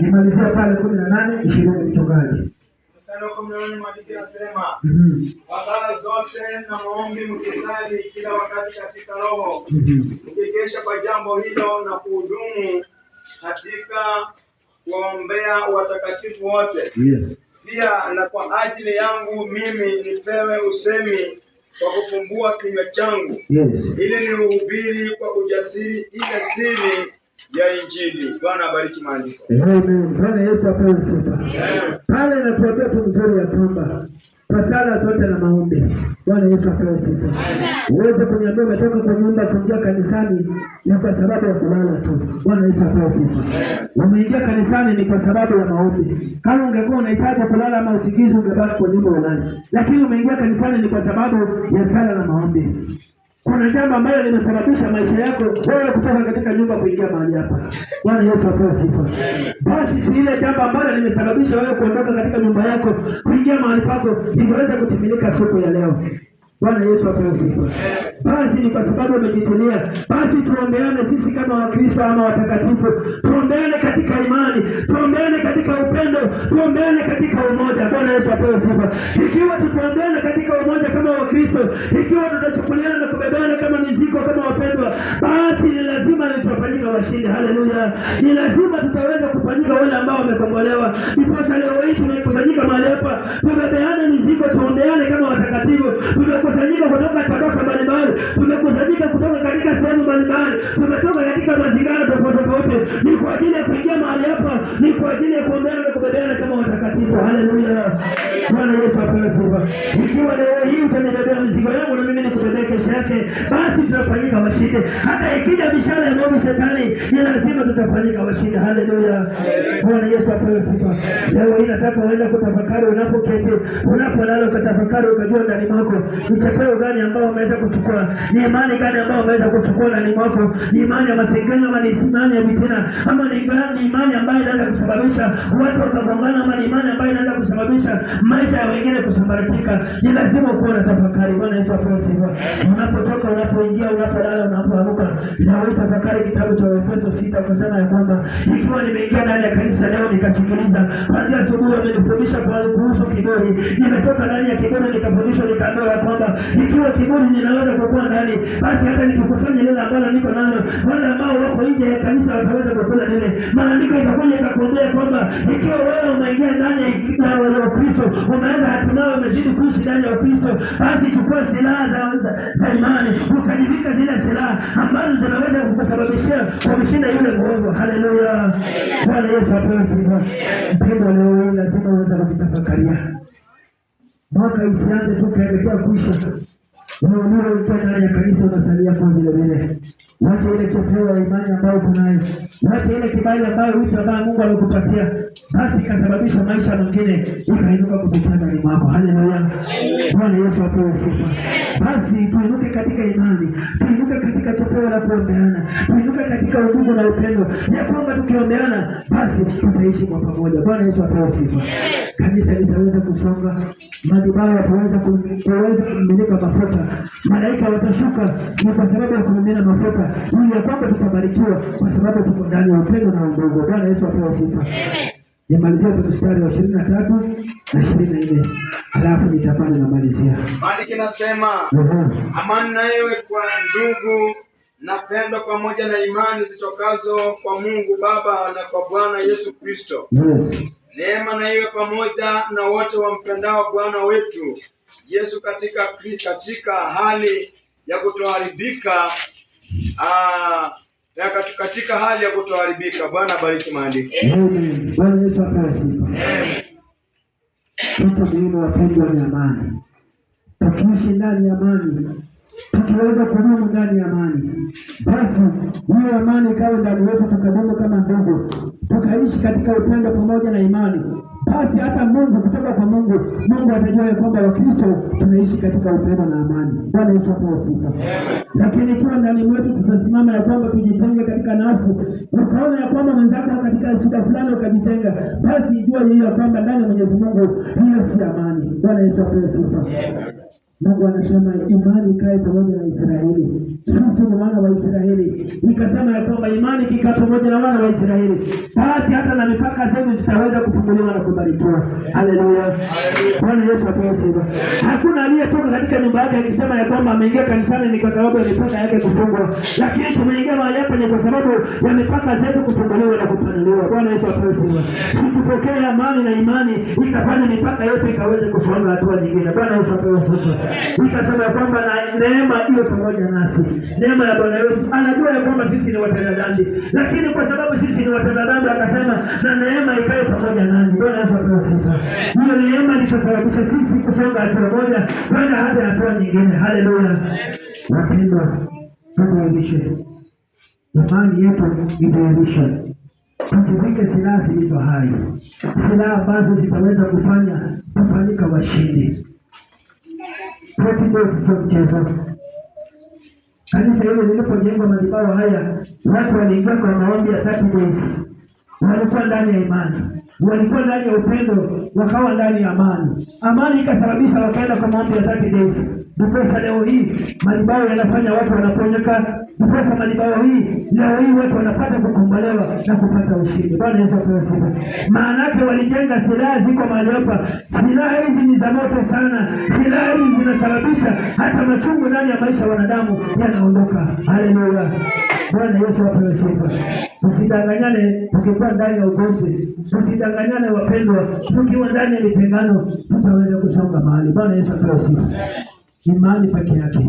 Nimalizia pale kumi na nane ishirini mchungaji. Mhm. sala zote na maombi mkisali kila wakati katika Roho mhm. mkikesha kwa jambo hilo na kuhudumu katika kuombea watakatifu wote, pia na kwa ajili yangu mimi nipewe usemi kwa kufumbua kinywa changu, ili nihubiri kwa ujasiri ile siri ya Injili. Bwana abariki maandiko. Amen. Bwana Yesu apewe sifa. Pale inatuambia tu mzuri ya kwamba kwa sala zote na maombi, Bwana Yesu apewe sifa. Uweze kuniambia umetoka kwa nyumba kuingia kanisani ni kwa sababu ya kulala tu. Bwana Yesu apewe sifa. Umeingia kanisani ni kwa sababu ya maombi. Kama ungekuwa unahitaji kulala ama usingizi, ungebaki kwa nyumba ulale, lakini umeingia kanisani ni kwa sababu ya sala na maombi. Kuna jambo ambalo limesababisha maisha yako wewe kutoka katika nyumba kuingia mahali hapa. Bwana Yesu apewe sifa. Basi si ile jambo ambalo limesababisha wewe kuondoka katika nyumba yako kuingia mahali pako ingeweza kutimilika siku ya leo. Bwana Yesu apewe sifa. Basi ni kwa sababu umejitolea. Basi tuombeane sisi kama Wakristo ama watakatifu, tuombeane katika imani, tuombeane katika upendo, tuombeane katika umoja. Bwana Yesu apewe sifa. Ikiwa tutaombeana katika umoja, Kristo. Ikiwa tutachukuliana na kubebana kama mizigo kama wapendwa, basi ni lazima nitafanyika washindi. Haleluya! Ni lazima tutaweza kufanyika wale ambao wamekombolewa. Ndiposa leo hii tumekusanyika mahali hapa, tubebeane mizigo, tuondeane kama watakatifu. Tumekusanyika kutoka tabaka mbalimbali, tumekusanyika kutoka katika sehemu mbalimbali, tumetoka katika mazingira tofauti tofauti. Ni kwa ajili ya kuingia mahali hapa, ni kwa ajili ya kuombeana na kubebeana kama watakatifu. Haleluya! Bwana Yesu apewe sifa. Ikiwa leo maisha yake, basi tutafanyika washindi. Hata ikija mishale ya maovu shetani, ni lazima tutafanyika washindi. Haleluya, Bwana Yesu apewe sifa. Leo hii nataka uende kutafakari, unapoketi, unapolala, ukatafakari, ukajua ndani mwako ni chepeo gani ambao umeweza kuchukua, ni imani gani ambao umeweza kuchukua ndani mwako, ni imani ya masengenyo ama ni imani ya vitina ama ni gani imani ambayo inaweza kusababisha watu wakagombana ama ni imani ambayo inaweza kusababisha maisha ya wengine kusambaratika. Ni lazima kuwa na tafakari. Bwana Yesu apewe sifa unapotoka, unapoingia, unapolala, unapoamka. Nawe tafakari kitabu cha Efeso sita kusema ya kwamba ikiwa nimeingia ndani ya kanisa leo nikasikiliza, kwanza asubuhi wamenifundisha kuhusu kiburi, nimetoka ndani ya kiburi nikafundishwa, nikaambiwa ya kwamba ikiwa kiburi ninaweza kukua ndani, basi hata nikikusanya lile ambalo niko nalo, wale ambao wako nje ya kanisa wataweza kukula nile Maandiko itakuja ikakuambia kwamba ikiwa wewe umeingia ndani ya Kristo, umeweza hatimaye umezidi kuishi ndani ya kristo basi chukua silaha za imani, ukajivika zile silaha ambazo zinaweza kukusababishia kumshinda yule mwovu. Haleluya, Bwana Yesu apewe sifa. Mpendwa, leo hii lazima uweze kujitafakaria. Mwaka isianze tu kaelekea kuisha, unaonura ukiwa ndani ya kanisa unasalia vile vile Wacha ile chepeo ya imani ambayo tunayo, wacha ile kibali ambayo wito ambaye Mungu amekupatia, basi ikasababisha maisha mengine ikainuka kupitia ndani mwako. Haleluya! Bwana Yesu apewe sifa. Basi tuinuke katika imani, tuinuke katika pale wanapoombeana, tuinuke katika ujuzi na upendo, ya kwamba tukiomeana basi tutaishi kwa pamoja. Bwana Yesu apewe sifa. Kanisa litaweza kusonga, madhabahu yataweza kuweza kumiminika mafuta, malaika watashuka, ni kwa sababu ya kumimina mafuta, ili ya kwamba tutabarikiwa, kwa sababu tuko ndani ya upendo na undugu. Bwana Yesu apewe sifa. Nimalizia tu mstari wa ishirini na tatu na ishirini na nne alafu nitapanda na malizia. Bali kinasema amani na iwe kwa ndugu na pendo pamoja na imani zitokazo kwa Mungu Baba na kwa Bwana Yesu Kristo. Yes. Neema na iwe pamoja na wote wampendao Bwana wetu Yesu katika katika hali ya kutoharibika ah, na katika hali ya kutoharibika. Bwana bariki maandiko. Amen. Bwana Yesu asifiwe. Amen. Tupo wapendwa wa amani. Tukiishi ndani ya amani tunaweza kudumu ndani ya amani. Basi hiyo amani ikawe ndani yetu, tukadumu kama ndugu, tukaishi katika upendo pamoja na imani. Basi hata Mungu kutoka kwa Mungu, Mungu atajua kwamba Wakristo tunaishi katika upendo na amani. Bwana Yesu apewe sifa. Lakini ikiwa ndani mwetu tutasimama ya kwamba tujitenge katika nafsi, ukaona ya kwamba mwenzako katika shida fulani ukajitenga, basi ijua hiyo ya kwamba ndani ya Mwenyezi Mungu hiyo si amani. Bwana Yesu apewe sifa. Mungu anasema imani ikae pamoja na Israeli. Sasa ni wana wa Israeli, nikasema ya kwamba imani kika pamoja na wana wa Israeli, basi hata na mipaka zetu zitaweza kufunguliwa na kubarikiwa. Haleluya, Bwana Yesu apewe sifa. Hakuna aliyetoka katika nyumba yake akisema ya kwamba ameingia kanisani ni kwa sababu ya mipaka yake kufungwa, lakini tumeingia mahali hapa ni kwa sababu ya mipaka zetu kufunguliwa na kupanuliwa. Bwana Yesu apewe sifa. Sikupokea amani na imani ikafanya mipaka yote ikaweze kusonga hatua nyingine. Bwana Yesu apewe sifa. Ikasema ya kwamba na neema iwe pamoja nasi, neema ya Bwana Yesu. Anajua ya kwamba sisi ni watenda dhambi, lakini kwa sababu sisi ni watenda dhambi, akasema na neema ikae pamoja nani. Bwana Yesu apewe sifa. Hiyo neema itasababisha sisi kusonga hatua moja kwenda hata hatua nyingine. Haleluya wapendwa, tutayarishe imani yetu, itayarishe Tujivike silaha zilizo hai, silaha ambazo zitaweza kufanya kufanyika washindi. Pentecost sio mchezo. Kanisa hilo lilipojengwa madhabahu haya, watu waliingia kwa maombi ya 30 days, walikuwa ndani ya imani, walikuwa ndani ya upendo, wakawa ndani ya amani. Amani ikasababisha wakaenda kwa maombi ya 30 days. Ndipo leo hii madhabahu yanafanya watu wanaponyoka kukosa sasa hii leo hii watu wanapata kukombolewa na kupata ushindi. Bwana Yesu apewe sifa. Maana yake walijenga silaha ziko mahali hapa, silaha hizi ni za moto sana, silaha hizi zinasababisha hata machungu ndani ya maisha ya wanadamu yanaondoka. Haleluya, Bwana Yesu apewe sifa. Tusidanganyane tukiwa ndani ya ugomvi, tusidanganyane wapendwa, tukiwa ndani ya mitengano, tutaweza kusonga mahali. Bwana Yesu apewe sifa. Imani peke yake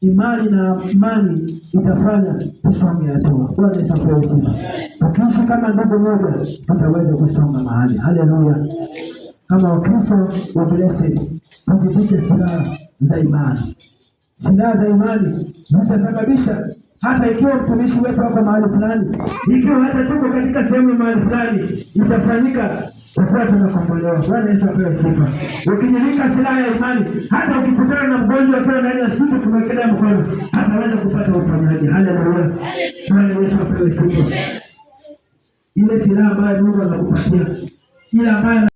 imani na imani itafanya tusonge hatua. Bwana Yesu apewe sifa. Ukiishi kama ndugu moja, tutaweza kusonga mahali. Haleluya! Kama Wakristo Blessed, tujivike silaha za imani. Silaha za imani zitasababisha hata ikiwa mtumishi wetu wako mahali fulani, ikiwa hata tuko katika sehemu mahali fulani, itafanyika tutakuwa tunakombolewa. Bwana Yesu apewe sifa. Ukijivika silaha ya imani, hata ukikutana Mgonjwa pale ndani ya siku tumekelea mkono, ataweza kupata uponyaji. Haleluya, Bwana Yesu apewe sifa. Ile silaha ambayo Mungu anakupatia, ile ambayo